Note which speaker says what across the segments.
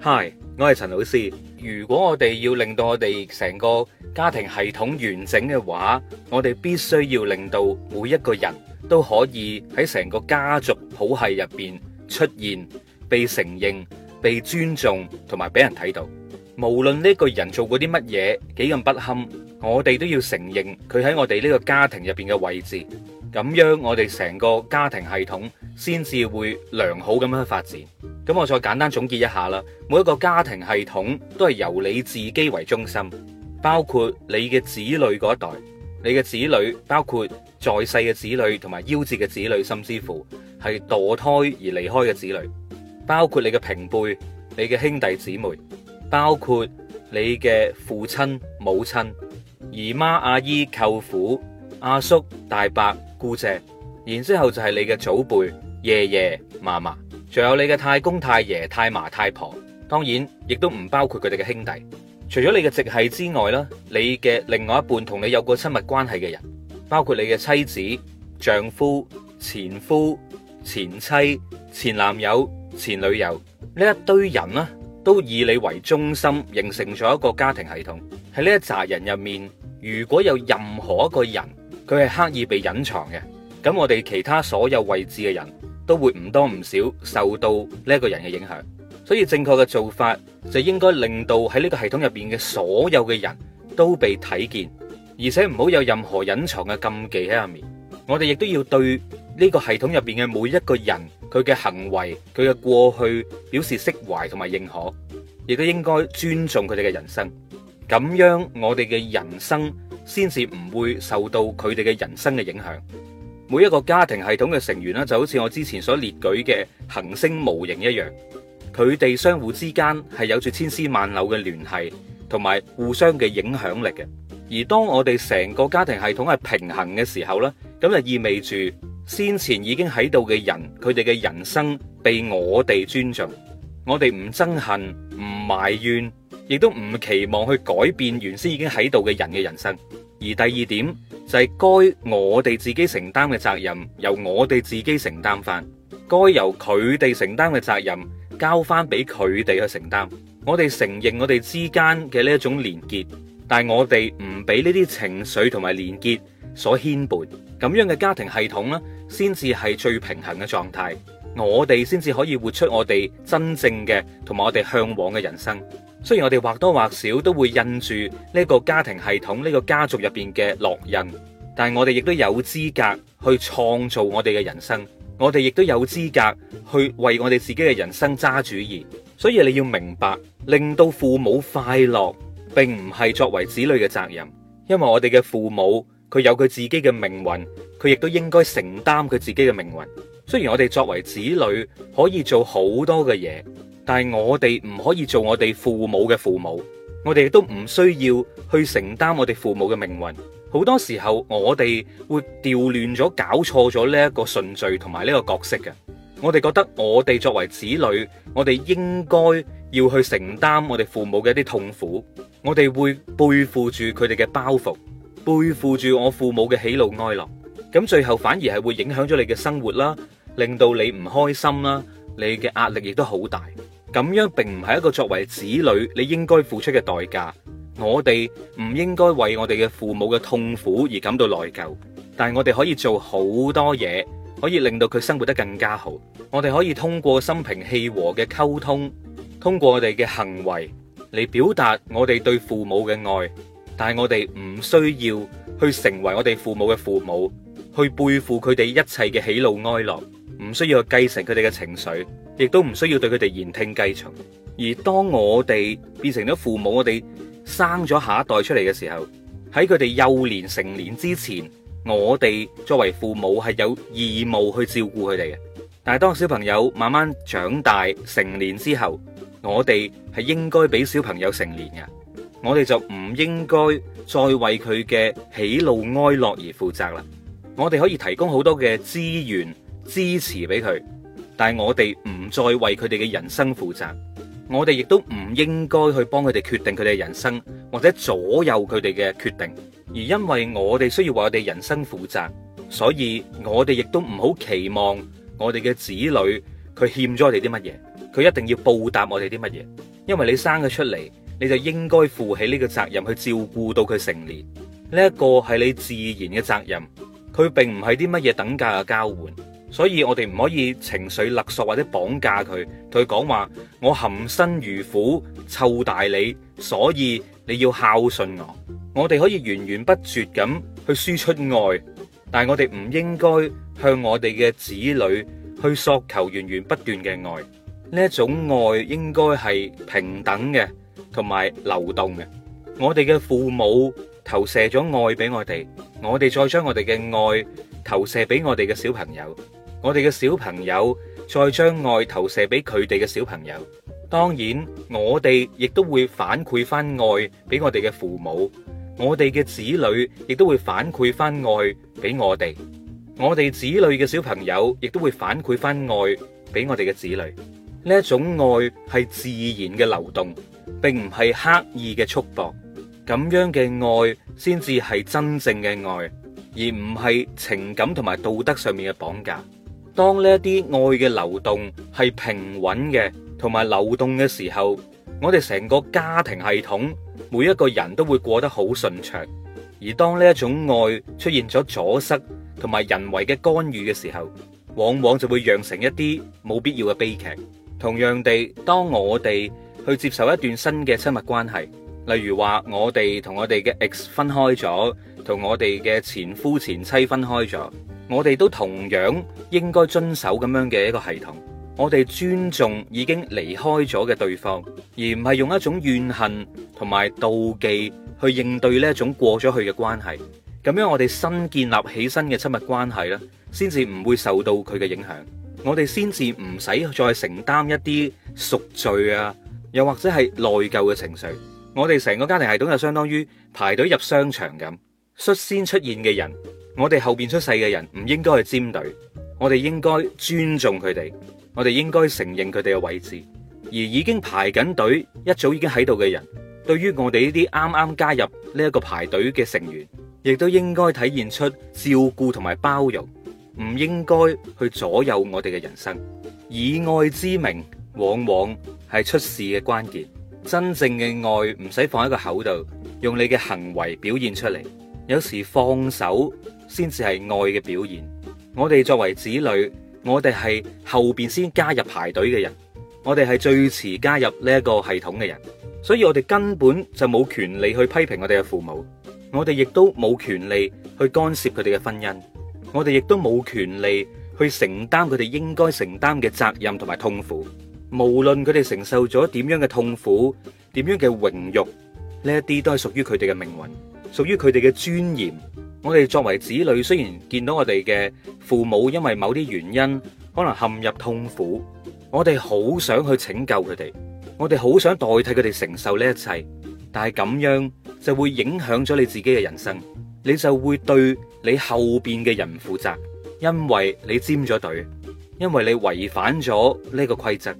Speaker 1: Hi，我係陳老師。如果我哋要令到我哋成個家庭系統完整嘅話，我哋必須要令到每一個人都可以喺成個家族譜系入邊出現，被承認、被尊重同埋俾人睇到。無論呢個人做過啲乜嘢幾咁不堪，我哋都要承認佢喺我哋呢個家庭入邊嘅位置。咁樣我哋成個家庭系統，先至會良好咁樣去發展。咁我再簡單總結一下啦。每一個家庭系統都係由你自己為中心，包括你嘅子女嗰一代，你嘅子女包括在世嘅子女同埋夭折嘅子女，甚至乎係墮胎而離開嘅子女，包括你嘅平輩、你嘅兄弟姊妹，包括你嘅父親、母親、姨媽、阿姨、舅父、阿叔、大伯、姑姐，然之後就係你嘅祖輩。爺爺、嫲嫲，仲有你嘅太公、太爺、太嫲、太婆，當然亦都唔包括佢哋嘅兄弟。除咗你嘅直系之外啦，你嘅另外一半同你有過親密關係嘅人，包括你嘅妻子、丈夫、前夫、前妻、前男友、前女友呢一堆人啦，都以你為中心形成咗一個家庭系統。喺呢一紮人入面，如果有任何一個人佢係刻意被隱藏嘅，咁我哋其他所有位置嘅人。都會唔多唔少受到呢個人嘅影響，所以正確嘅做法就應該令到喺呢個系統入邊嘅所有嘅人都被睇見，而且唔好有任何隱藏嘅禁忌喺下面。我哋亦都要對呢個系統入邊嘅每一個人佢嘅行為、佢嘅過去表示釋懷同埋認可，亦都應該尊重佢哋嘅人生。咁樣我哋嘅人生先至唔會受到佢哋嘅人生嘅影響。每一個家庭系統嘅成員咧，就好似我之前所列舉嘅行星模型一樣，佢哋相互之間係有住千絲萬縷嘅聯繫，同埋互相嘅影響力嘅。而當我哋成個家庭系統係平衡嘅時候咧，咁就意味住先前已經喺度嘅人，佢哋嘅人生被我哋尊重，我哋唔憎恨，唔埋怨，亦都唔期望去改變原先已經喺度嘅人嘅人生。而第二點就係該我哋自己承擔嘅責任，由我哋自己承擔翻，該由佢哋承擔嘅責任交翻俾佢哋去承擔。我哋承認我哋之間嘅呢一種連結，但係我哋唔俾呢啲情緒同埋連結所牽絆。咁樣嘅家庭系統咧，先至係最平衡嘅狀態，我哋先至可以活出我哋真正嘅同埋我哋向往嘅人生。雖然我哋或多或少都會印住呢個家庭系統、呢個家族入邊嘅烙印，但係我哋亦都有資格去創造我哋嘅人生，我哋亦都有資格去為我哋自己嘅人生揸主意。所以你要明白，令到父母快樂，並唔係作為子女嘅責任，因為我哋嘅父母佢有佢自己嘅命運，佢亦都應該承擔佢自己嘅命運。雖然我哋作為子女可以做好多嘅嘢。但係我哋唔可以做我哋父母嘅父母，我哋亦都唔需要去承擔我哋父母嘅命運。好多時候我哋會調亂咗，搞錯咗呢一個順序同埋呢個角色嘅。我哋覺得我哋作為子女，我哋應該要去承擔我哋父母嘅一啲痛苦，我哋會背負住佢哋嘅包袱，背負住我父母嘅喜怒哀樂。咁最後反而係會影響咗你嘅生活啦，令到你唔開心啦，你嘅壓力亦都好大。咁樣並唔係一個作為子女你應該付出嘅代價，我哋唔應該為我哋嘅父母嘅痛苦而感到內疚，但係我哋可以做好多嘢，可以令到佢生活得更加好。我哋可以通過心平氣和嘅溝通，通過我哋嘅行為嚟表達我哋對父母嘅愛，但係我哋唔需要去成為我哋父母嘅父母，去背負佢哋一切嘅喜怒哀樂，唔需要去繼承佢哋嘅情緒。亦都唔需要對佢哋言聽計從，而當我哋變成咗父母，我哋生咗下一代出嚟嘅時候，喺佢哋幼年、成年之前，我哋作為父母係有義務去照顧佢哋嘅。但係當小朋友慢慢長大成年之後，我哋係應該俾小朋友成年嘅，我哋就唔應該再為佢嘅喜怒哀樂而負責啦。我哋可以提供好多嘅資源支持俾佢，但係我哋唔。再為佢哋嘅人生負責，我哋亦都唔應該去幫佢哋決定佢哋嘅人生，或者左右佢哋嘅決定。而因為我哋需要為我哋人生負責，所以我哋亦都唔好期望我哋嘅子女佢欠咗我哋啲乜嘢，佢一定要報答我哋啲乜嘢。因為你生佢出嚟，你就應該負起呢個責任去照顧到佢成年，呢一個係你自然嘅責任，佢並唔係啲乜嘢等價嘅交換。所以我哋唔可以情緒勒索或者綁架佢，同佢講話我含辛茹苦湊大你，所以你要孝順我。我哋可以源源不絕咁去輸出愛，但係我哋唔應該向我哋嘅子女去索求源源不斷嘅愛。呢一種愛應該係平等嘅，同埋流動嘅。我哋嘅父母投射咗愛俾我哋，我哋再將我哋嘅愛投射俾我哋嘅小朋友。我哋嘅小朋友再將愛投射俾佢哋嘅小朋友，當然我哋亦都會反饋翻愛俾我哋嘅父母，我哋嘅子女亦都會反饋翻愛俾我哋，我哋子女嘅小朋友亦都會反饋翻愛俾我哋嘅子女。呢一種愛係自然嘅流動，並唔係刻意嘅束縛。咁樣嘅愛先至係真正嘅愛，而唔係情感同埋道德上面嘅綁架。當呢一啲愛嘅流動係平穩嘅，同埋流動嘅時候，我哋成個家庭系統每一個人都會過得好順暢。而當呢一種愛出現咗阻塞，同埋人為嘅干預嘅時候，往往就會釀成一啲冇必要嘅悲劇。同樣地，當我哋去接受一段新嘅親密關係，例如話我哋同我哋嘅 X 分開咗，同我哋嘅前夫前妻分開咗。我哋都同樣應該遵守咁樣嘅一個系統，我哋尊重已經離開咗嘅對方，而唔係用一種怨恨同埋妒忌去應對呢一種過咗去嘅關係。咁樣我哋新建立起身嘅親密關係咧，先至唔會受到佢嘅影響，我哋先至唔使再承擔一啲贖罪啊，又或者係內疚嘅情緒。我哋成個家庭系統就相當於排隊入商場咁，率先出現嘅人。我哋後邊出世嘅人唔應該去尖隊，我哋應該尊重佢哋，我哋應該承認佢哋嘅位置。而已經排緊隊一早已經喺度嘅人，對於我哋呢啲啱啱加入呢一個排隊嘅成員，亦都應該體現出照顧同埋包容，唔應該去左右我哋嘅人生。以愛之名，往往係出事嘅關鍵。真正嘅愛唔使放喺個口度，用你嘅行為表現出嚟。有時放手先至係愛嘅表現。我哋作為子女，我哋係後邊先加入排隊嘅人，我哋係最遲加入呢一個系統嘅人，所以我哋根本就冇權利去批評我哋嘅父母，我哋亦都冇權利去干涉佢哋嘅婚姻，我哋亦都冇權利去承擔佢哋應該承擔嘅責任同埋痛苦。無論佢哋承受咗點樣嘅痛苦，點樣嘅榮辱，呢一啲都係屬於佢哋嘅命運，屬於佢哋嘅尊嚴。我哋作為子女，雖然見到我哋嘅父母因為某啲原因可能陷入痛苦，我哋好想去拯救佢哋，我哋好想代替佢哋承受呢一切，但係咁樣就會影響咗你自己嘅人生，你就會對你後邊嘅人負責，因為你插咗隊，因為你違反咗呢個規則，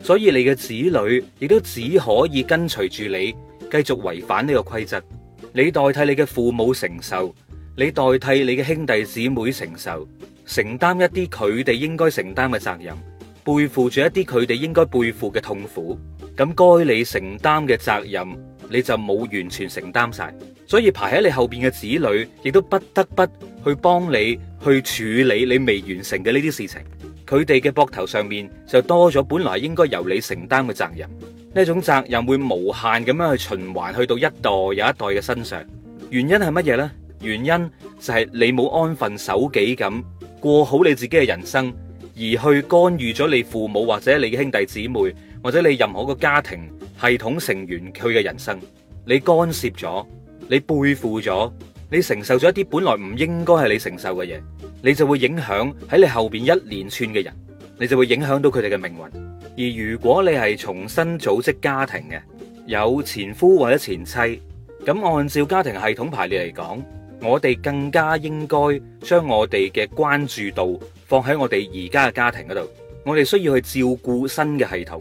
Speaker 1: 所以你嘅子女亦都只可以跟隨住你繼續違反呢個規則，你代替你嘅父母承受。你代替你嘅兄弟姊妹承受，承擔一啲佢哋應該承擔嘅責任，背負住一啲佢哋應該背負嘅痛苦，咁該你承擔嘅責任你就冇完全承擔晒，所以排喺你後邊嘅子女亦都不得不去幫你去處理你未完成嘅呢啲事情，佢哋嘅膊頭上面就多咗本來應該由你承擔嘅責任，呢種責任會無限咁樣去循環去到一代又一代嘅身上，原因係乜嘢咧？原因就係你冇安分守己咁過好你自己嘅人生，而去干預咗你父母或者你兄弟姊妹，或者你任何個家庭系統成員佢嘅人生，你干涉咗，你背負咗，你承受咗一啲本來唔應該係你承受嘅嘢，你就會影響喺你後邊一連串嘅人，你就會影響到佢哋嘅命運。而如果你係重新組織家庭嘅，有前夫或者前妻，咁按照家庭系統排列嚟講。我哋更加應該將我哋嘅關注度放喺我哋而家嘅家庭嗰度，我哋需要去照顧新嘅系統。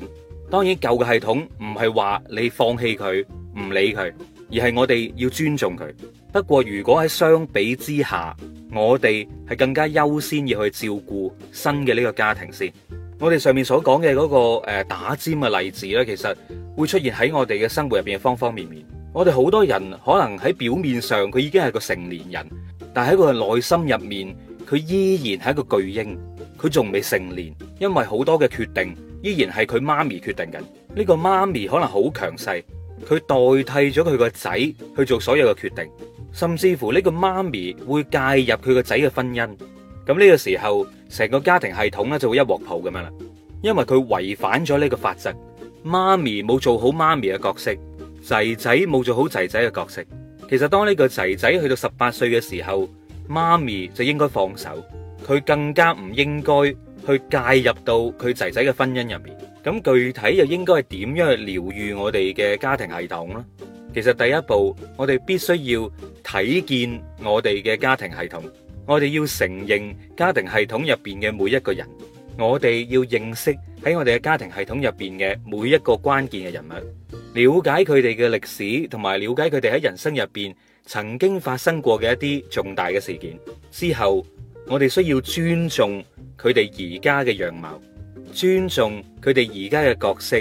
Speaker 1: 當然舊嘅系統唔係話你放棄佢、唔理佢，而係我哋要尊重佢。不過如果喺相比之下，我哋係更加優先要去照顧新嘅呢個家庭先。我哋上面所講嘅嗰個誒打尖嘅例子呢，其實會出現喺我哋嘅生活入邊嘅方方面面。我哋好多人可能喺表面上佢已經係個成年人，但係喺佢內心入面，佢依然係一個巨嬰，佢仲未成年，因為好多嘅決定依然係佢媽咪決定嘅。呢個媽咪可能好強勢，佢代替咗佢個仔去做所有嘅決定，甚至乎呢個媽咪會介入佢個仔嘅婚姻。咁呢個時候，成個家庭系統咧就會一鑊泡咁樣啦，因為佢違反咗呢個法則，媽咪冇做好媽咪嘅角色。仔仔冇做好仔仔嘅角色，其實當呢個仔仔去到十八歲嘅時候，媽咪就應該放手，佢更加唔應該去介入到佢仔仔嘅婚姻入面。咁具體又應該係點樣去療癒我哋嘅家庭系統呢？其實第一步，我哋必須要睇見我哋嘅家庭系統，我哋要承認家庭系統入邊嘅每一個人，我哋要認識喺我哋嘅家庭系統入邊嘅每一個關鍵嘅人物。了解佢哋嘅歷史，同埋了解佢哋喺人生入邊曾經發生過嘅一啲重大嘅事件之後，我哋需要尊重佢哋而家嘅樣貌，尊重佢哋而家嘅角色，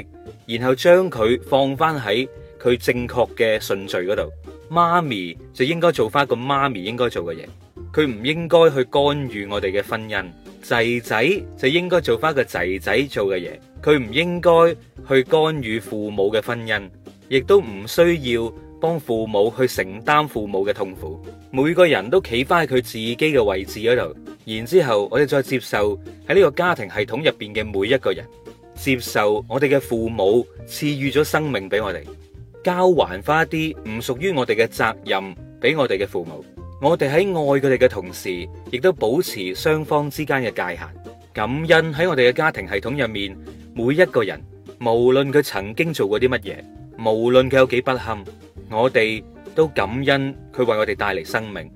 Speaker 1: 然後將佢放翻喺佢正確嘅順序嗰度。媽咪就應該做翻個媽咪應該做嘅嘢，佢唔應該去干預我哋嘅婚姻。仔仔就應該做翻個仔仔做嘅嘢，佢唔應該去干預父母嘅婚姻，亦都唔需要幫父母去承擔父母嘅痛苦。每個人都企翻喺佢自己嘅位置嗰度，然之後我哋再接受喺呢個家庭系統入邊嘅每一個人，接受我哋嘅父母賜予咗生命俾我哋，交還翻一啲唔屬於我哋嘅責任俾我哋嘅父母。我哋喺愛佢哋嘅同時，亦都保持雙方之間嘅界限，感恩喺我哋嘅家庭系統入面每一個人。無論佢曾經做過啲乜嘢，無論佢有幾不幸，我哋都感恩佢為我哋帶嚟生命，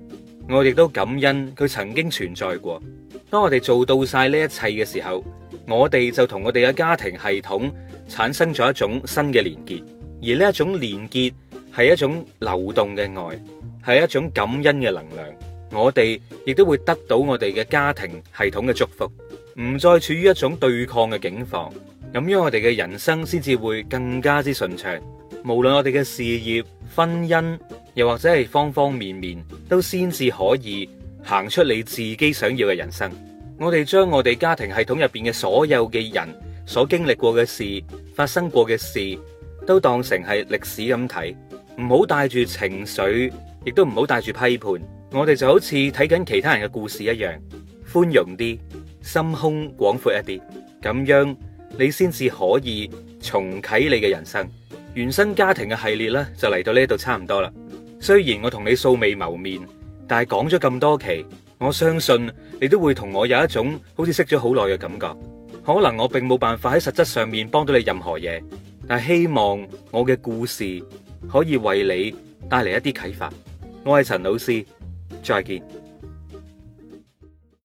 Speaker 1: 我亦都感恩佢曾經存在過。當我哋做到晒呢一切嘅時候，我哋就同我哋嘅家庭系統產生咗一種新嘅連結，而呢一種連結係一種流動嘅愛，係一種感恩嘅能量。我哋亦都會得到我哋嘅家庭系統嘅祝福，唔再處於一種對抗嘅境況。咁樣，我哋嘅人生先至會更加之順暢。無論我哋嘅事業、婚姻，又或者係方方面面，都先至可以行出你自己想要嘅人生。我哋將我哋家庭系統入邊嘅所有嘅人、所經歷過嘅事、發生過嘅事，都當成係歷史咁睇，唔好帶住情緒，亦都唔好帶住批判。我哋就好似睇緊其他人嘅故事一樣，寬容啲，心胸廣闊一啲，咁樣。你先至可以重啟你嘅人生。原生家庭嘅系列咧，就嚟到呢度差唔多啦。雖然我同你素未謀面，但係講咗咁多期，我相信你都會同我有一種好似識咗好耐嘅感覺。可能我並冇辦法喺實質上面幫到你任何嘢，但係希望我嘅故事可以為你帶嚟一啲啟發。我係陳老師，再見。